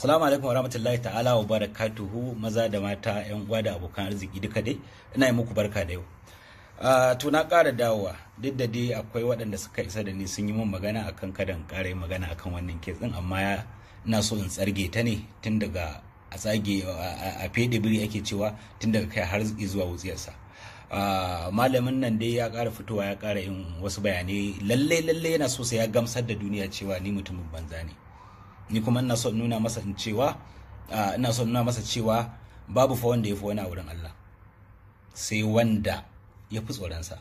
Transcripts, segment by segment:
Salamu alaikum wa rahmatullahi ta'ala wa barakatuhu maza da mata yan uwa da abokan arziki duka dai ina yi muku barka da yau. Uh, to na ƙara dawowa duk da dai akwai waɗanda suka isa da ni sun yi min magana akan kada in ƙara magana akan wannan kes din amma ina so in tsarge ta ne tun daga a tsage a fede biri ake cewa tun daga kai har zuwa wutsiyarsa. malamin nan dai ya ƙara fitowa ya ƙara yin wasu bayanai lalle lalle yana so sai ya gamsar da duniya cewa ni mutumin banza ne. ni kuma ina son nuna masa cewa ina son nuna masa cewa babu fa wanda ya fi wani a wurin Allah sai wanda ya fi tsoronsa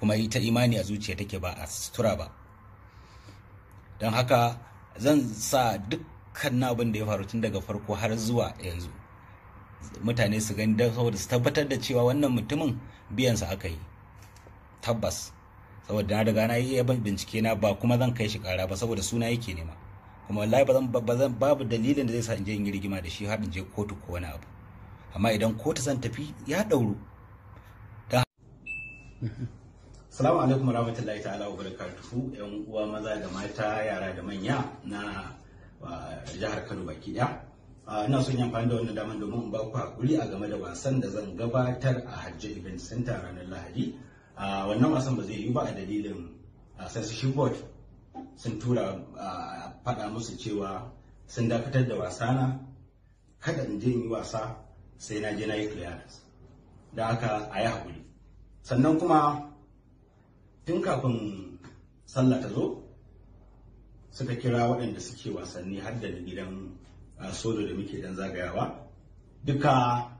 kuma ita imani a zuciya take ba a sutura ba don haka zan sa dukkan abin da ya faru tun daga farko har zuwa yanzu mutane su gani don saboda su tabbatar da cewa wannan mutumin biyansa aka yi tabbas saboda na daga na yi bincike na ba kuma zan kai shi kara ba saboda suna yake nema kuma wallahi ba zan babu dalilin da zai sa in je in yi rigima da shi har in je kotu ko wani abu amma idan kotu zan tafi ya dauru Salamu alaikum warahmatullahi ta'ala wa barakatuhu yan uwa maza da mata yara da manya na jihar Kano baki daya ina son yin amfani da wannan daman domin in ba ku hakuri a game da wasan da zan gabatar a Hajji Event Center ranar Lahadi wannan wasan ba zai yi ba a dalilin shi board sun tura a faɗa musu cewa sun dakatar da wasa na kada in je in yi wasa sai na je na yi clearance da haka a yi haƙuri sannan kuma tun kafin sallah ta zo suka kira waɗanda suke wasanni har da gidan solo da muke dan zagayawa duka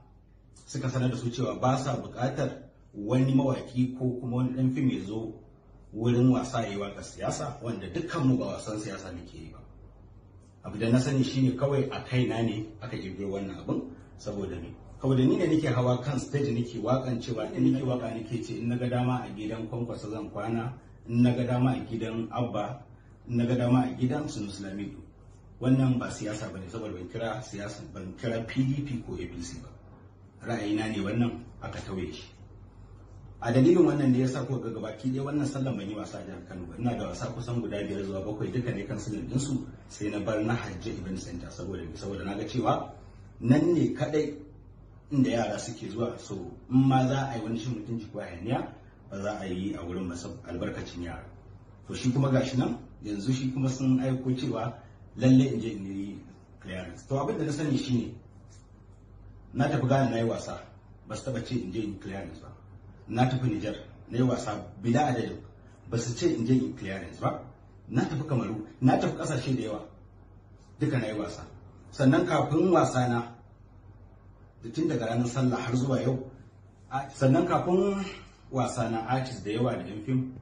suka sanar da su cewa ba sa buƙatar wani mawaki ko kuma wani ɗan fim ya zo wurin wasa yi waka siyasa wanda dukkanmu ba wasan siyasa muke yi ba abu da na sani shine kawai a kaina ne aka kirkiro wannan abin saboda ni saboda ni ne nake hawa kan stage nake wakan cewa in nake waka nake ce in naga dama a gidan kwankwasa zan kwana in naga dama a gidan abba in naga dama a gidan sunu islamido wannan ba siyasa bane saboda ban kira siyasa ban kira pdp ko apc ba ra'ayina ne wannan aka tauye shi a dalilin wannan ne yasa kuka ga gabaki dai wannan sallan ban yi wasa jihar Kano ina da wasa kusan guda biyar zuwa bakwai duka ne kan sunan ɗinsu sai na bar na Hajji Event Center saboda saboda na ga cewa nan ne kadai inda yara suke zuwa so in ma za a yi wani shi mutunci ko hayaniya ba za a yi a wurin masa albarkacin yara to shi kuma gashi nan yanzu shi kuma sun aiko cewa lalle in je in yi clearance to abin da na sani shine na tafi gane na yi wasa ba su taba ce in je in clearance na tafi Nijar na yi wasa bila adadin ba su ce in je in clearance ba na tafi Kamaru na tafi kasashe da yawa duka na yi wasa sannan kafin wasa na tun daga ranar sallah har zuwa yau sannan kafin wasa na artist da yawa da fim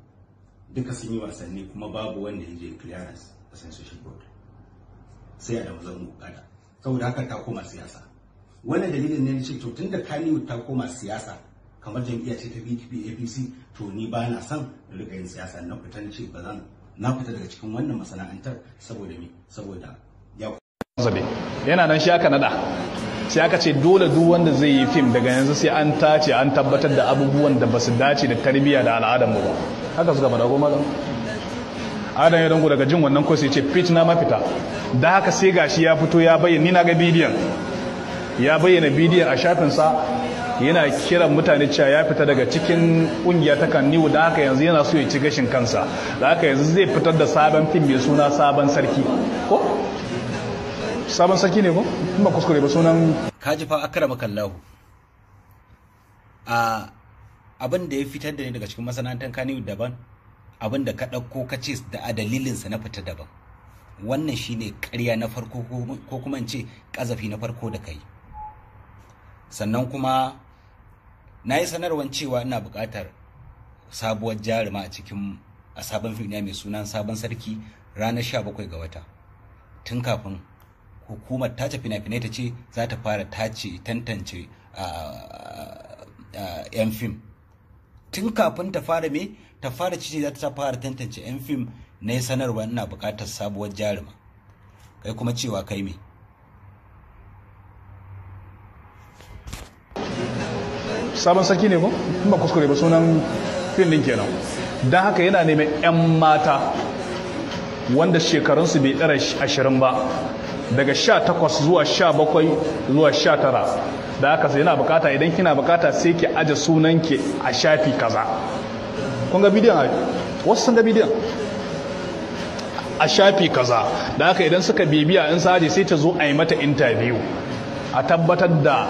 duka sun yi wasanni kuma babu wanda ya je clearance a censorship board sai Adamu da mazan kada saboda haka ta koma siyasa wannan dalilin ne ce to tun da kaniyu ta koma siyasa kamar jam'iyyar ce ta PDP APC to ni ba na son rika yin siyasa na fita ce ba zan na fita daga cikin wannan masana'antar saboda me saboda ya zabe yana nan shi aka nada sai aka ce dole duk wanda zai yi fim daga yanzu sai an tace an tabbatar da abubuwan da basu dace da tarbiyya da al'adar mu ba haka suka fada goma malam adam ya dango daga jin wannan kwasi ce fit na mafita da haka sai gashi ya fito ya bayyana ni na ga bidiyon ya bayyana bidiyon a shafinsa yana kiran mutane cewa ya fita daga cikin kungiya ta kan niwu haka yanzu yana so ya ci gashin kansa da haka yanzu zai fitar da sabon fim mai suna sabon sarki ko sabon sarki ne ko ba kuskure ba sunan kaji fa akrama kallahu a abin da ya fitar da ni daga cikin masana'antar kaniwu daban abin da ka ɗauko ka ce da a dalilinsa na fita daban wannan shine karya na farko ko kuma in ce ƙazafi na farko da kai sannan kuma na yi sanarwar cewa ina buƙatar sabuwar jarima a cikin a sabon fim mai sunan sabon sarki ranar 17 ga wata tun kafin hukumar tace fina-finai ta ce za ta fara tace tantance yan fim tun kafin ta fara me ta fara ce za ta fara tantance yan fim na yi sanarwa ina buƙatar sabuwar jarima kai kuma cewa kai me sabon sarki ne ko ba kuskure ba sunan fim din kenan don haka yana neman 'yan mata wanda shekarunsu bai dara ashirin ba daga sha takwas zuwa sha bakwai zuwa sha tara da haka sai yana bukata idan kina bukata sai ki aje ki a shafi kaza kun ga bidiyon a wasu sun ga bidiyon a shafi kaza da haka idan suka bibiya in sa sai ta zo a yi mata interview a tabbatar da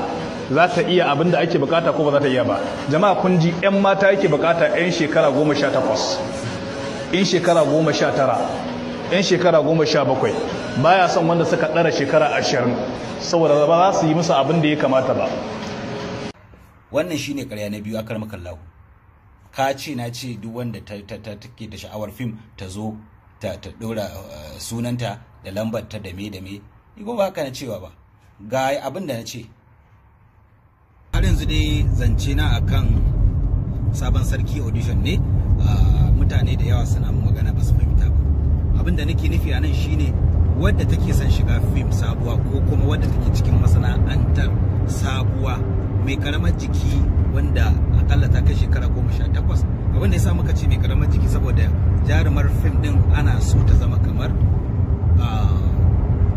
za ta iya abin da ake bukata ko ba za ta iya ba jama'a kun ji yan mata yake bukata yan shekara goma sha yan shekara goma sha tara yan shekara goma baya son wanda suka ɗara shekara ashirin saboda ba za su yi musu abin da ya kamata ba wannan shine karya na biyu akar lahu ka ce na ce duk wanda ta take da sha'awar fim ta zo ta ɗora eh, sunanta da lambar ta da me da me ni ba haka na cewa ba ga abin da na ce har yanzu dai zance na akan sabon sarki audition ne ah, mutane da yawa suna magana ba su fahimta ba abin da nake nufi a nan shine wadda take son shiga fim sabuwa ko kuma wadda take cikin masana'antar sabuwa mai karamar jiki wanda akalla ta kai shekara goma sha takwas abin da ya sa muka ce mai karamar jiki saboda jarumar fim din ana so ta zama kamar ah,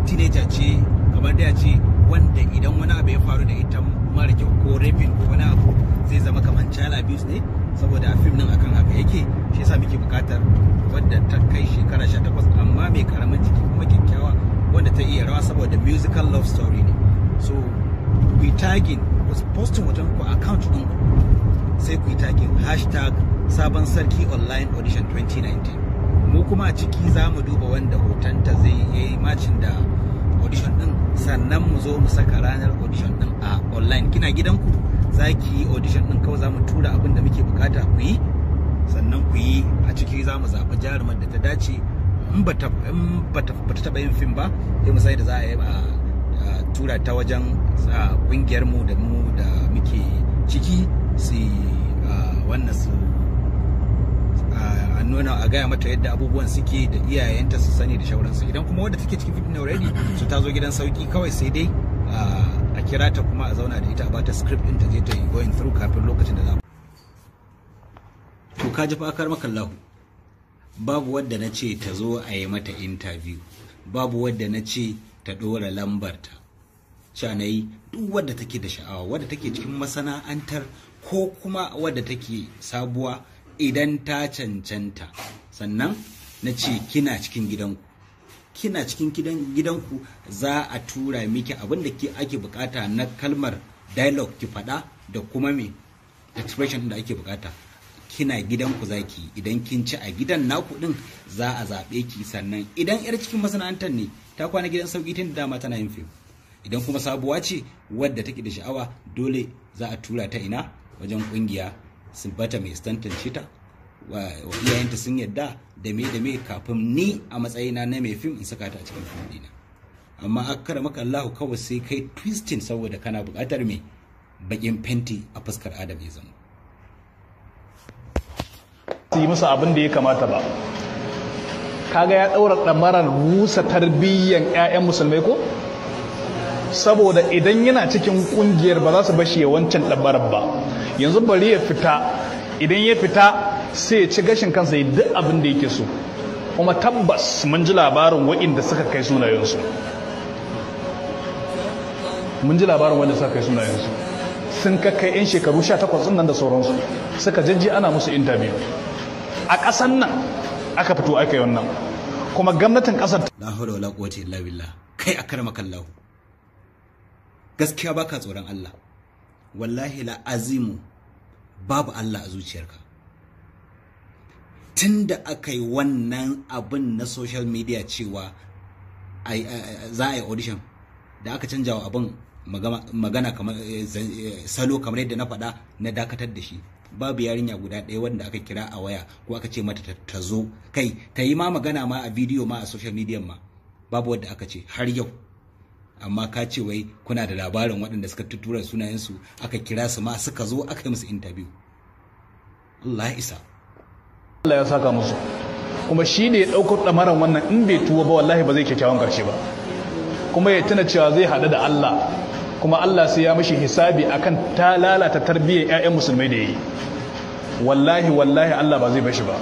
teenager ce kamar da ya ce wanda idan wani abu ya faru da ita mara kyau ko raping ko wani abu zai zama kamar child abuse ne saboda a fim nan akan haka yake shi yasa muke bukatar wadda ta kai shekara 18 amma mai karamin jiki kuma kyakkyawa wanda ta iya rawa saboda musical love story ne so we tagging was posting hoton ku account din sai ku tagging hashtag sabon sarki online audition 2019 mu kuma a ciki za mu duba wanda hoton ta zai yi macin da audition din sannan mu zo mu saka ranar audition din a online kina gidanku za ki yi audition din kawai za mu tura abin da muke bukata ku yi sannan ku yi a ciki za mu zaɓi jarumar da ta dace in ba ta taɓa yin fim ba sai mu sai da za a yi a tura ta wajen kungiyar mu da mu da muke ciki su wannan su a nuna a gaya mata yadda abubuwan suke da iyayenta su sani da shauransu idan kuma wadda take cikin fitna already su ta zo gidan sauki kawai sai dai kira ta kuma a zauna da ita a bata script din ta je ta yi going through kafin lokacin da za ku. to ka ji maka Allah babu wadda nace ce ta zo a yi mata interview babu wadda nace ta ɗora lambarta ta duk wadda take da sha'awa wadda take cikin masana'antar ko kuma wadda take sabuwa idan ta cancanta sannan nace kina cikin gidanku kina cikin gidanku za a tura miki abin da ake bukata na kalmar dialogue ki faɗa da kuma me expression da ake bukata kina gidanku za ki idan kin ci a gidan naku din za a zaɓe ki sannan idan yar cikin masana'antar ne ta kwana gidan sauki tun da dama tana yin fim idan kuma sabuwa ce wadda take da sha'awa dole za a tura ta ina wajen kungiya sun bata mai tantance ta iyayenta sun yadda da me da me kafin ni a matsayina na mai fim in saka ta a cikin fim dina amma a akkar maka Allahu kawai sai kai twisting saboda kana buƙatar me bakin fenti a fuskar Adam ya zama su yi musu abin da ya kamata ba kaga ya ɗaura ɗamarar rusa tarbiyyan 'ya'yan musulmai ko saboda idan yana cikin ƙungiyar ba za su bashi ya wancan ɗamarar ba yanzu bari ya fita idan ya fita sai ya ci gashin kansa duk abin da yake so kuma tabbas mun ji labarin waɗanda suka kai sunayensu mun ji labarin wanda suka kai sunayensu sun kakkai 'yan shekaru 18 nan da sauransu suka jajji ana musu intabiyu a ƙasan nan aka fito aka yi wannan kuma gwamnatin ƙasar la hawla wala quwwata illa billah kai akarma kallahu gaskiya baka tsoron Allah wallahi la azimu babu Allah a zuciyarka tun da aka yi wannan abin na social media cewa za a yi audition da aka canja wa abin magana eh, eh, salo kamar yadda na faɗa na dakatar da shi babu yarinya guda ɗaya wanda aka kira a waya ko aka ce mata ta zo kai ta yi ma magana ma a bidiyo ma a social media ma babu wadda aka ce har yau amma ka ce wai kuna da labarin waɗanda suka tuttura sunayensu aka kira su ma suka zo aka yi musu interview Allah isa Allah ya saka musu kuma shi ne ya ɗaukar ɗamaran wannan in bai tuwa ba wallahi ba zai kyakkyawan ƙarshe ba kuma ya tuna cewa zai haɗu da Allah kuma Allah sai ya mashi hisabi akan ta lalata tarbiyyar 'ya'yan musulmai da ya yi wallahi wallahi Allah ba zai bashi ba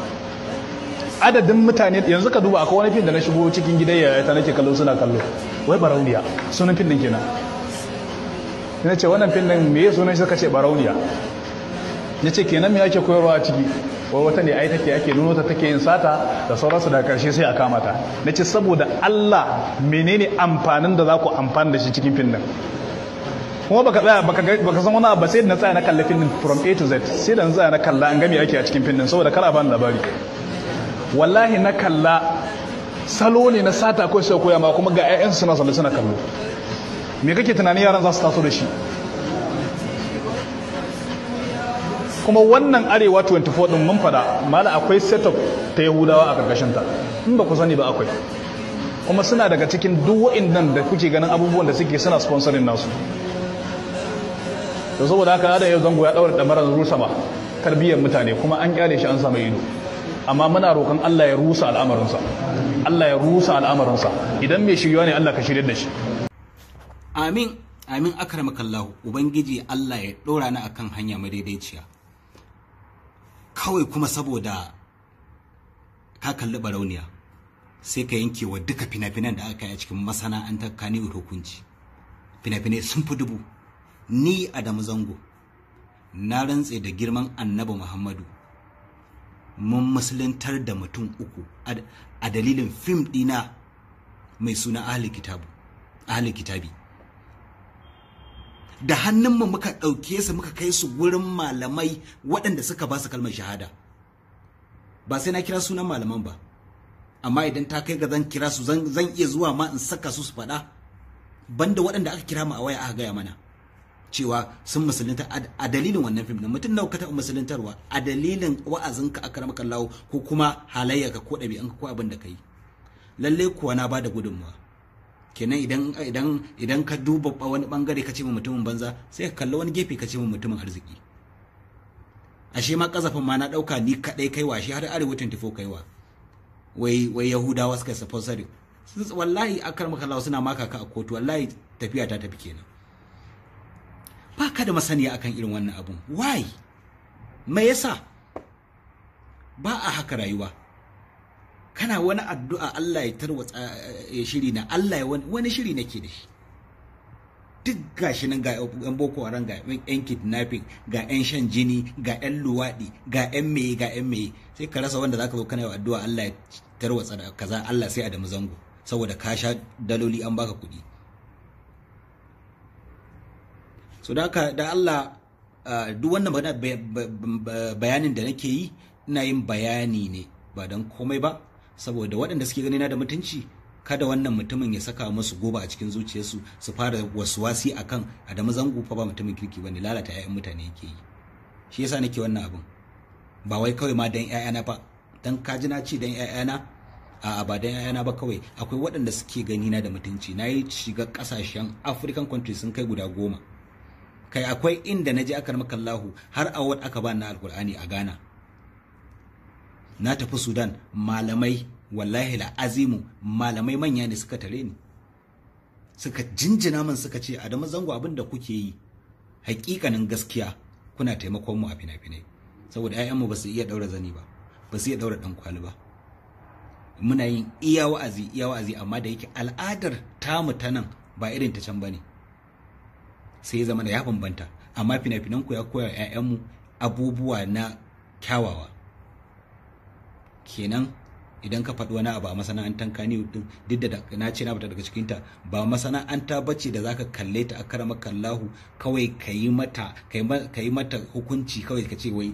adadin mutane yanzu ka duba akwai wani fim da na shigo cikin gidan yaya ta nake kallo suna kallo wai barauniya sunan fim din kenan na ce wannan fim din me sunan shi suka ce barauniya ya ce kenan me ake koyarwa a ciki wai wata ne ai take ake nuna ta take yin sata da sauransu daga karshe sai a kama ta nace saboda Allah menene amfanin da za ku amfana da shi cikin fim din kuma baka tsaya baka san wani abu sai da na tsaya na kalla fim from A to Z sai da na tsaya na kalla an gami ake a cikin fim din saboda kar a bani labari wallahi na kalla salo ne na sata ko sai koya ma kuma ga 'ya'yansu na sanda suna kallo me kake tunani yaran za su taso da shi kuma wannan arewa 24 din mun fada mala akwai setup ta yahudawa a karkashin ta in ba ku sani ba akwai kuma suna daga cikin duk wa'annan da kuke ganin abubuwan da suke suna sponsorin nasu da saboda haka da yau zango ya daura damarar rusa ba tarbiyyar mutane kuma an kyale shi an samu ido amma muna roƙon Allah ya rusa al'amarinsa Allah ya rusa al'amarinsa idan mai shiryuwa ne Allah ka shirye da shi amin amin akramakallahu ubangiji Allah ya dora ni akan hanya madaidaiciya kawai kuma saboda ka kalli barauniya sai ka yanke wa duka fina-finan da aka yi a cikin masana'antar kaniwar hukunci fina-finai sun fi dubu ni adamu zango na rantse da girman annabi muhammadu mun musuluntar da mutum uku a dalilin fim dina mai suna ahli kitabi da hannunmu muka ɗauke su muka kai su wurin malamai waɗanda suka ba su kalmar shahada ba sai na kira sunan malaman ba amma idan ta kai ga zan kira su zan iya zuwa ma in saka su su faɗa banda waɗanda aka kira mu a waya aka gaya mana cewa sun musulunta a dalilin wannan fim mutum nawa ka taɓa musuluntarwa a dalilin wa'azinka a karamar kallawo ko kuma halayyarka ko ɗabi'anka ko abin da ka yi lallai kuwa na ba da gudunmawa kenan idan idan idan ka duba wani bangare ka ce mu mutumin banza sai ka kalli wani gefe ka ce mu mutumin arziki ashe ma kazafin ma na dauka ni kadai kai shi har arewa 24 wa wai wai yahudawa suka sponsor wallahi akar maka Allah suna maka ka a kotu wallahi tafiya ta tafi kenan ba ka da masaniya akan irin wannan abun why me yasa ba a haka rayuwa kana wani addu'a Allah ya tarwatsa ya eh, shiri na Allah ya wani shiri nake da shi duk gashi nan ga yan boko haram ga yan kidnapping ga yan shan jini ga yan luwaɗi ga yan meye ga yan meye sai ka rasa wanda zaka zo kana yi addu'a Allah ya tarwatsa da kaza Allah sai a da zango saboda ka sha daloli an baka kuɗi so da da Allah ah, duk wannan bayanin da nake yi ina yin bayani ne ba don komai ba saboda waɗanda suke ganina da mutunci kada wannan mutumin ya saka musu goba a cikin zuciyarsu su fara wasu wasi a akan adamu zango fa ba mutumin kirki ne lalata 'ya'yan mutane yake yi shi yasa nake wannan abin ba wai kawai ma dan 'ya'yana ba dan kaji na ce dan 'ya'yana A'a ba dan 'ya'yana ba kawai akwai waɗanda suke gani na da mutunci na yi shiga ƙasashen african countries sun kai guda goma kai akwai inda na je akar makallahu har wani aka ba na alkur'ani a ghana na tafi sudan malamai wallahi la'azimu, malamai manya ne suka tare ni suka jinjina min suka ce adamu zango abin da kuke yi hakikanin gaskiya kuna taimakon mu a fina-finai saboda 'ya'yanmu ba su iya daura zani ba ba su iya daura dan kwali ba muna yin iya wa'azi iya wa'azi amma da yake al'adar tamu ta nan ba irin ta can bane sai ya zama da ya bambanta amma fina-finan ku ya koya 'ya'yanmu abubuwa na kyawawa kenan idan ka faɗi wani abu a masana'antar kaniwood din duk da na ce na fita daga cikinta ba masana'anta ba ce da zaka kalle ta a karama kallahu kawai ka yi mata hukunci kawai ka ce wai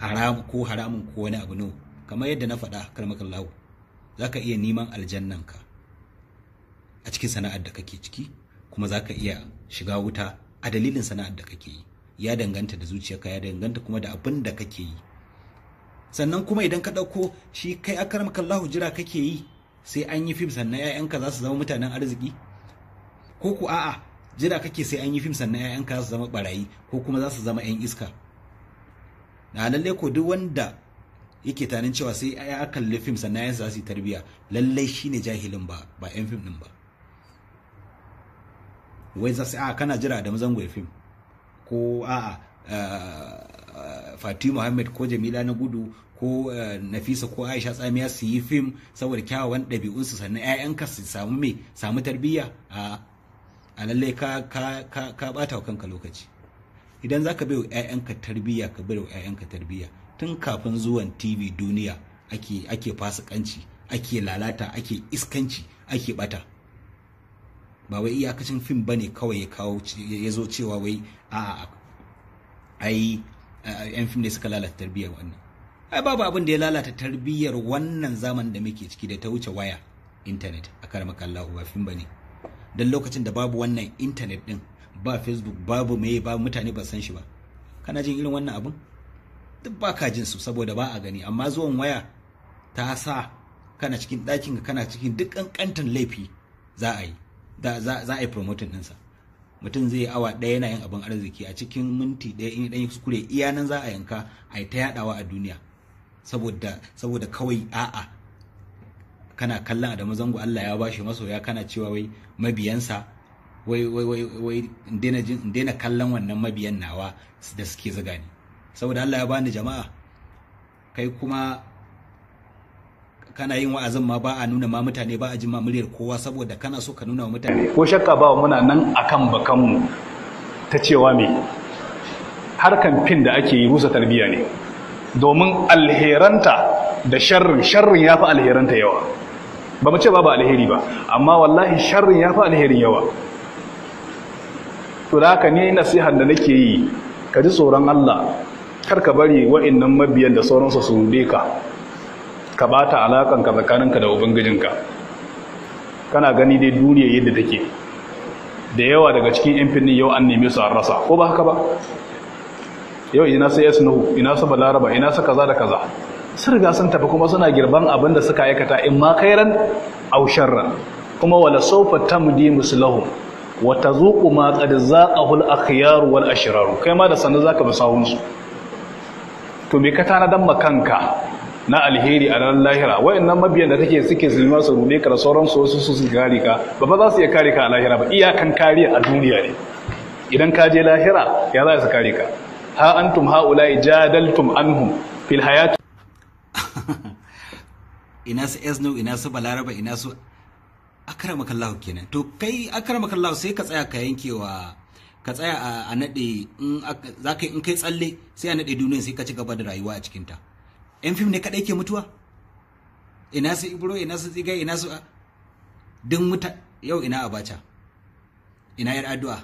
haram ko haramun ko wani abu no kamar yadda na faɗa karama kallahu ka iya neman aljannan ka a cikin sana'ar da kake ciki kuma za ka iya shiga wuta a dalilin sana'ar da kake yi ya danganta da zuciyarka ya danganta kuma da abin da kake yi sannan kuma idan ka ɗauko shi kai akaramka Allahu jira kake yi sai an yi fim sannan 'ya'yanka za su zama mutanen arziki ko ku a'a jira kake sai an yi fim sannan 'ya'yanka za su zama barayi ko kuma za su zama 'yan iska na lalle ko duk wanda yake tanin cewa sai ya kalli fim sannan 'ya'yan za su yi tarbiyya lallai shine jahilin ba ba 'yan fim din ba wai za su a kana jira da mazangon fim ko a'a eh, Eh, Fatima muhammad ko jamila na gudu ko eh, nafisa ko aisha tsamiya su yi fim saboda kyawawan ɗabi'unsu sannan 'ya'yanka su samu me samu tarbiyya a lallai ka ka bata kanka lokaci idan za ka bai wa 'ya'yanka tarbiyya ka bai wa 'ya'yanka tarbiyya tun kafin zuwan tv duniya ake ake fasikanci ake lalata ake iskanci ake bata ba wai iyakacin fim ba ne kawai ya kawo zo cewa wai a'a. ai yan fim ne suka lalata tarbiyyar wannan ai babu abin da ya lalata tarbiyyar wannan zaman da muke ciki da ta wuce waya intanet a karamaka Allah ba fim ne dan lokacin da babu wannan intanet din ba facebook babu mai ba mutane ba san shi ba kana jin irin wannan abin duk ba ka jin su saboda ba a gani amma zuwan waya ta sa kana cikin ɗakin kana cikin duk ƙanƙantan laifi za a yi za a yi promoting ɗinsa mutum zai yi awa ɗaya yana yin abin arziki a cikin minti ɗaya in ɗan kuskure iya nan za a yanka a yi ta yaɗawa a duniya saboda kawai a'a kana kallon Adamu Zango Allah ya bashi masoya kana cewa wai mabiyansa wai wai wai in daina kallon wannan mabiyan nawa da suke zuga ni saboda Allah ya bani jama'a kai kuma kana yin wa'azin ma ba a nuna ma mutane ba a jima muryar kowa saboda kana so ka nuna wa mutane ko shakka ba muna nan akan bakanmu ta cewa me harkan fin da ake yi rusa tarbiyya ne domin alheranta da sharrin sharrin ya fi alheranta yawa ba mu ce ba alheri ba amma wallahi sharrin ya fi alherin yawa to da haka ne nasihar da nake yi ka ji tsoron Allah kar ka bari nan mabiyan da sauransu su rude ka ka bata tsakanin tsakaninka da ubangijinka kana gani dai duniya yadda take da yawa daga cikin yan finnin yau an neme su an rasa ko ba haka ba yau ina sai yasnuhu ina su balaraba ina su kaza da kaza sun riga sun tafi kuma suna girban abin da suka aikata in ma khairan aw sharran kuma wala sawfa tamdi muslahum wa tazuqu ma qad zaqahu al akhyar wal ashrar kai ma da sanin zaka bi sawun su to me ka tana dan makanka na alheri a ranar lahira wayannan mabiyan da take suke zulma su rude ka da sauransu wasu su su kare ka ba ba za su iya kare ka a lahira ba iyakan kariya a duniya ne idan ka je lahira ya za su kare ka ha antum haula jadaltum anhum fil hayati ina su esno ina su balaraba ina su akramakallahu kenan to kai akramakallahu sai ka tsaya ka yankewa ka tsaya a naɗe in kai tsalle sai a naɗe duniya sai ka ci gaba da rayuwa a cikinta yan fim ne kaɗai ke mutuwa ina su ibro ina su tsiga ina su ah, Dun muta yau ina abacha ina yar addu'a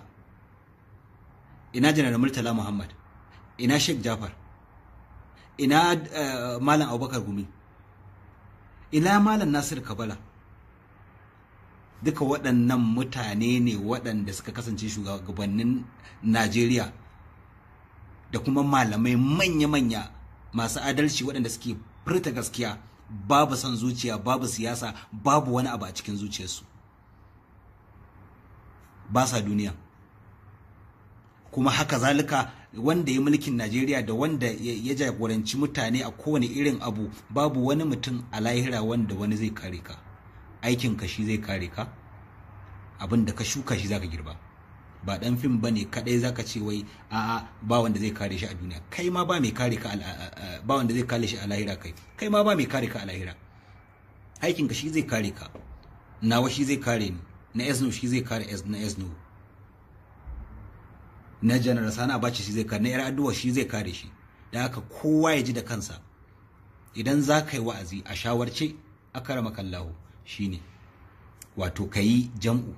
ina janar murtala muhammad ina sheikh jafar ina eh, malam abubakar gumi ina malam nasir kabala duka waɗannan mutane ne waɗanda suka kasance shugabannin najeriya da kuma malamai manya-manya masu adalci waɗanda suke furta gaskiya babu son zuciya babu siyasa babu wani abu a cikin zuciyarsu ba sa duniya kuma haka zalika wanda ya mulkin Najeriya da wanda ya jagoranci mutane a kowane irin abu babu wani mutum a lahira wanda wani zai kare ka aikin ka shi zai kare ka abin da ka shuka shi za zaka girba ba dan fim bane kadai zaka ce wai a ba wanda zai kare shi a duniya kai ma ba mai kare ka ba wanda zai kare shi a lahira kai kai ma ba mai kare ka a lahira aikin ka shi zai kare ka nawa shi zai kare ni na esno shi zai kare na esno na janar sana bace shi zai kare na yar addu'a shi zai kare shi da haka kowa ya ji da kansa idan za ka yi wa'azi a shawarce a karama kallahu shine wato ka yi jam'u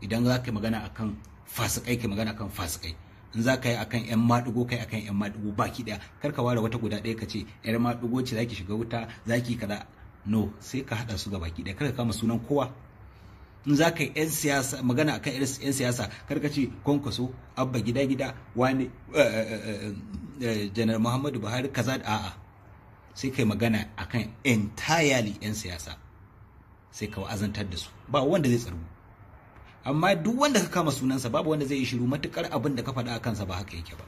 idan za ka yi magana akan fasikai kai magana akan fasikai in za ka yi akan yan maɗigo kai akan yan maɗigo baki ɗaya kar ka ware wata guda ɗaya ka ce yar maɗigo ce zaki shiga wuta zaki kaza no sai ka haɗa su ga baki ɗaya kar ka kama sunan kowa in za ka yi yan siyasa magana akan yan siyasa kar ka ce kwankwaso abba gida gida wani eh, eh, eh, janar muhammadu buhari kaza a a'a sai kai magana akan entirely yan siyasa sai ka wa azantar da su ba wanda zai tsargu amma duk wanda ka kama sunansa babu wanda zai yi shiru matukar abin da ka faɗa a kansa ba haka yake ba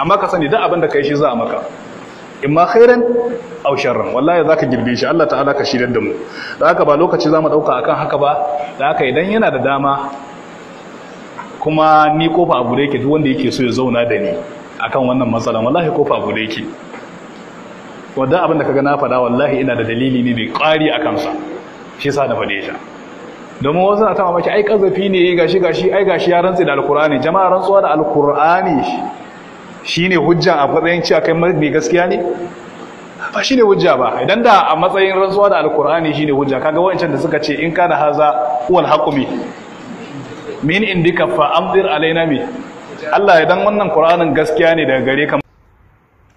amma ka sani duk abin da ka yi shi za a maka in ma khairan aw sharran wallahi zaka girbe shi Allah ta'ala ka shirar da mu da haka ba lokaci za ɗauka dauka kan haka ba da haka idan yana da dama kuma ni kofa abu da yake duk wanda yake so ya zauna da ni a kan wannan matsala wallahi kofa abu da yake Wadda abin da ga na faɗa wallahi ina da dalili ne mai ƙwari a kansa shi sa na faɗe shi domin wasu na ta mamaki ai kazafi ne gashi gashi ai gashi ya rantsi da alkur'ani jama'a rantsuwa da alkur'ani shine hujja a matsayin ci kai mai gaskiya ne ba shine hujja ba idan da a matsayin rantsuwa da alkur'ani shine hujja kaga wancan da suka ce in kana haza wal haqumi min indika fa amdir alaina mi Allah idan wannan qur'anin gaskiya ne daga gare ka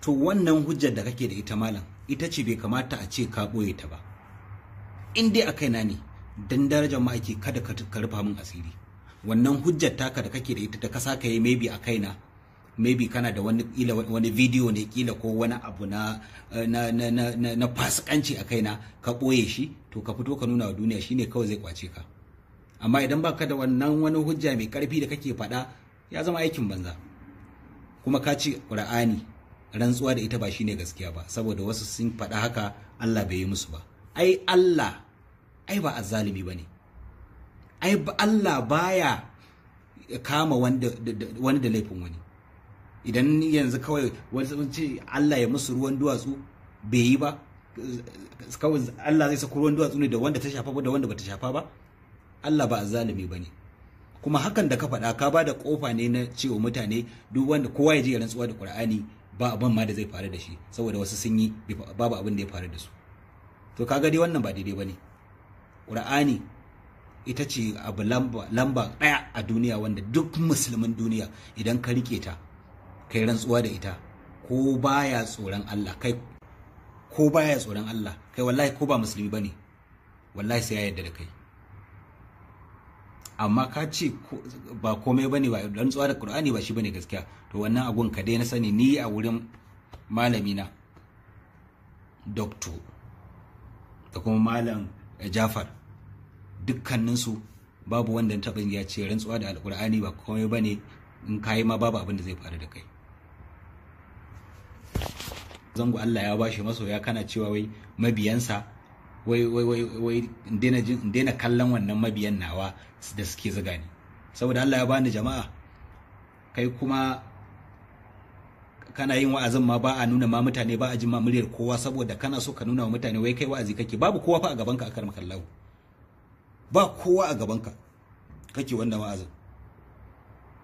to wannan hujjar da kake da ita malam ita ce bai kamata a ce ka boye ta ba in dai a na ne dan darajar ma ake kada ka rufa min asiri wannan hujjar taka da kake da ita da ka saka yi maybe a kaina maybe kana da wani kila wani video ne kila ko wani abu na na na na, na fasikanci a kaina ka boye shi to ka fito ka nuna wa duniya shine kawai zai kwace ka amma idan baka da wannan wani hujja mai karfi da kake faɗa ya zama aikin banza kuma ka ce qur'ani rantsuwa da ita ba shine gaskiya ba saboda wasu sun faɗa haka Allah bai yi musu ba ai Allah ai ba azzalimi bane ai Allah baya kama wanda wani da laifin wani idan yanzu kawai wani ce Allah ya musu ruwan duwatsu bai yi ba kawai Allah zai sako ruwan duwatsu ne da wanda ta shafa ba da wanda bata shafa ba Allah ba azzalimi bane kuma hakan da ka faɗa ka ba da ƙofa ne na cewa mutane duk wanda kowa ya je rantsuwa da Qur'ani ba abin ma da zai faru da shi saboda wasu sun yi babu abin da ya faru da su to kaga dai wannan ba daidai bane ƙur'ani ita ce abu lamba ɗaya a duniya wanda duk musulmin duniya idan ka rike ta kai rantsuwa da ita ko baya tsoron Allah kai ko baya tsoron Allah kai wallahi ko ba musulmi bane wallahi sai ya yarda da kai amma ka ce ba komai bane ba rantsuwa da Qur'ani ba shi bane gaskiya to wannan abun ka dai na sani ni a wurin malami na doctor da kuma malam Jafar dukkaninsu babu wanda ta taɓa ya ce rantsuwa da alkur'ani ba komai ba ne in kayi ma babu abin da zai faru da kai zango Allah ya bashi masoya kana cewa wai mabiyansa wai wai wai daina kallon wannan mabiyan nawa da suke zuga ni saboda Allah ya bani jama'a kai kuma kana yin wa'azin ma ba a nuna ma mutane ba a jin ma muryar kowa saboda kana so ka nuna wa mutane wai kai wa'azi kake babu kowa fa a gaban ka karmakallahu ba kowa a gabanka kake wannan wa'azin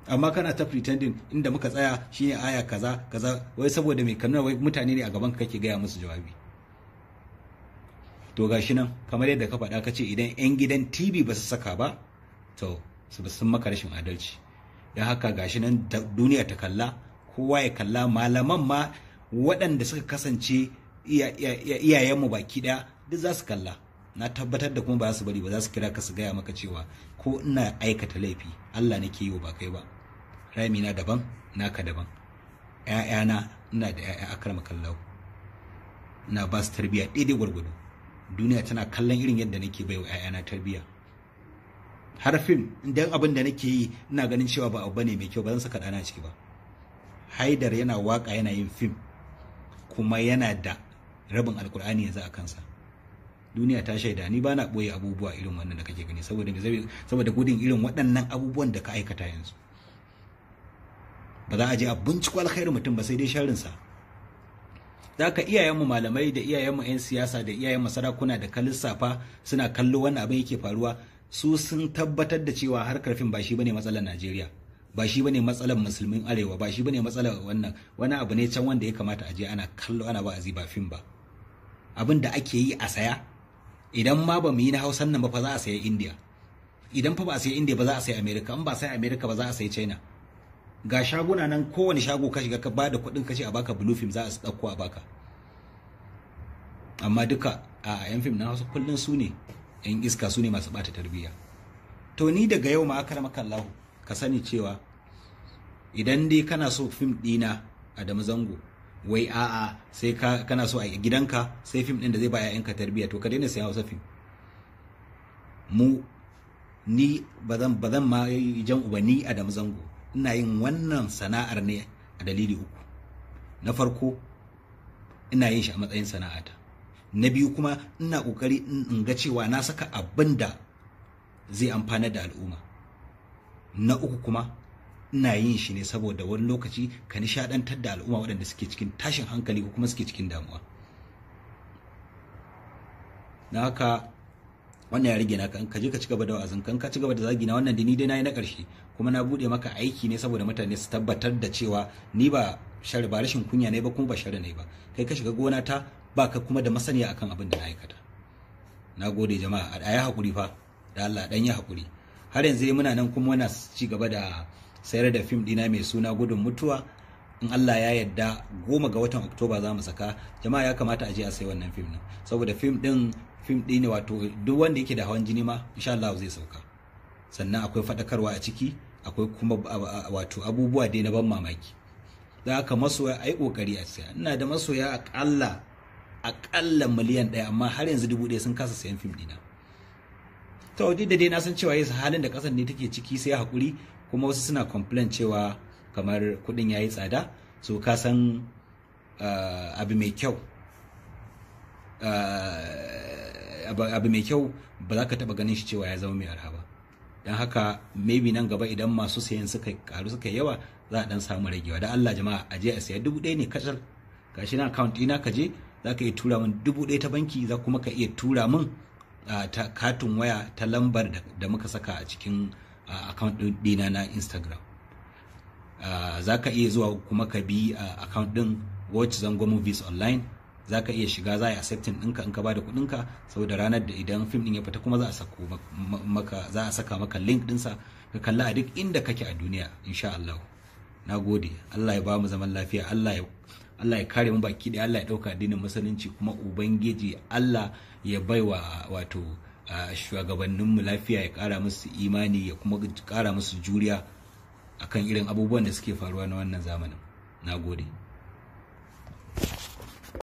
amma kana ta pretending inda muka tsaya shine aya kaza kaza wai saboda mai kanuna wai mutane ne a gaban ka kake gaya musu jawabi to gashi nan kamar yadda ka faɗa ce idan yan gidan TV ba su saka ba to su sun maka rashin adalci don haka gashi nan duniya ta kalla kowa ya kalla malaman ma waɗanda suka kasance iyayenmu baki ɗaya duk za su kalla na tabbatar da kuma ba su bari ba za su kira ka su gaya maka cewa ko ina aikata laifi Allah nake yi ba kai ba rami na daban naka daban ƴaƴana ina da ƴaƴa akrama kallahu ina ba su tarbiyya daidai gwargwado duniya tana kallon irin yadda nake bai wa ƴaƴana tarbiyya har fim idan abin da nake yi ina ganin cewa ba abu bane mai kyau ba zan saka dana ciki ba haidar yana waka yana yin fim kuma yana da rabin alkur'ani yanzu a kansa duniya ta shaida ni bana boye abubuwa irin wannan da kake gani saboda saboda gudun irin waɗannan abubuwan da ka aikata yanzu ba za a je a binciko alkhairin mutum ba sai dai sa za ka mu malamai da iyayen mu 'yan siyasa da iyayen mu sarakuna da kalissafa suna kallo wannan abin yake faruwa su sun tabbatar da cewa har karfin ba shi bane matsalar najeriya ba shi bane matsalar musulmin arewa ba shi bane matsalar wannan wani abu ne can wanda ya kamata a je ana kallo ana ba azi ba fim ba abin da ake yi a saya idan ma ba mu yi na hausan nan ba fa za a sayi india idan fa ba a sayi india ba za a sayi america in ba sai america ba za a sayi china ga shaguna nan kowane shago ka shiga ka ba da kuɗin ce a baka blue film za a ɗauko a baka amma duka a yan fim na hausa kullum su ne yan iska su ne masu bata tarbiyya to ni daga yau ma aka maka Allahu ka sani cewa idan dai kana so fim ɗina Adamu Zango wai a'a sai ka kana so a gidanka sai fim din da zai ba yanka tarbiyya to ka daina sayan Hausa fim mu ni bazan bazan ma jan uba ni Adam Zango ina yin wannan sana'ar ne a dalili uku na farko ina yin shi a matsayin sana'ata na biyu kuma ina kokari in ga cewa na saka abin da zai amfana da al'umma na uku kuma ina yin shi ne saboda wani lokaci ka nishadantar da al'umma waɗanda suke cikin tashin hankali ko kuma suke cikin damuwa na haka wannan ya rage naka ka je ka cigaba da wa'azin kan ka gaba da zagina wannan da ni dai nayi na ƙarshe kuma na buɗe maka aiki ne saboda mutane su tabbatar da cewa ni ba shari ba rashin kunya ne ba kuma ba shari ne ba kai ka shiga gona ta ba ka kuma da masaniya akan abin da na aikata na gode jama'a a ya haƙuri fa da Allah ɗan ya haƙuri har yanzu muna nan kuma muna ci gaba da sayar da fim dina mai suna gudun mutuwa in Allah ya yadda goma ga watan Oktoba za mu saka jama'a ya kamata a je a sai wannan fim din saboda fim din fim din ne wato duk wanda yake da hawan jini ma insha Allah zai sauka sannan akwai fadakarwa a ciki akwai kuma wato abubuwa dai na ban mamaki da haka masoya ai kokari a saya ina da masoya akalla akalla miliyan ɗaya amma har yanzu dubu ɗaya sun kasa sayan fim dina to da dai na san cewa yasa halin da ƙasar ne take ciki sai hakuri kuma wasu suna complain cewa kamar kuɗin ya yi tsada so ka san uh, abu mai kyau uh, abu ba za ka taɓa ganin shi cewa ya zama mai arha ba don haka maybe nan gaba idan masu sayan suka karu suka yawa za a dan samu ragewa da Allah jama'a a je a saya dubu ɗaya ne kacal gashi na account ɗina ka je za ka iya tura min dubu ɗaya ta banki za kuma ka iya tura min ah, a katin waya ta lambar da muka saka a cikin A account ɗina na instagram za ka iya zuwa kuma ka bi account ɗin watch zango movies online za ka iya shiga za a yi accepting ɗinka in ka ba da kuɗinka saboda ranar da idan fim ɗin ya fita kuma za a saka maka link ɗinsa ka kalla a duk inda kake a duniya insha Allah na gode Allah ya ba mu zaman lafiya Allah ya Allah ya kare mu baki ɗaya Allah ya ɗauka addinin musulunci kuma ubangiji Allah ya baiwa wato shugabanninmu lafiya ya kara musu imani ya kuma kara musu juriya akan irin abubuwan da suke faruwa na wannan zamanin na gode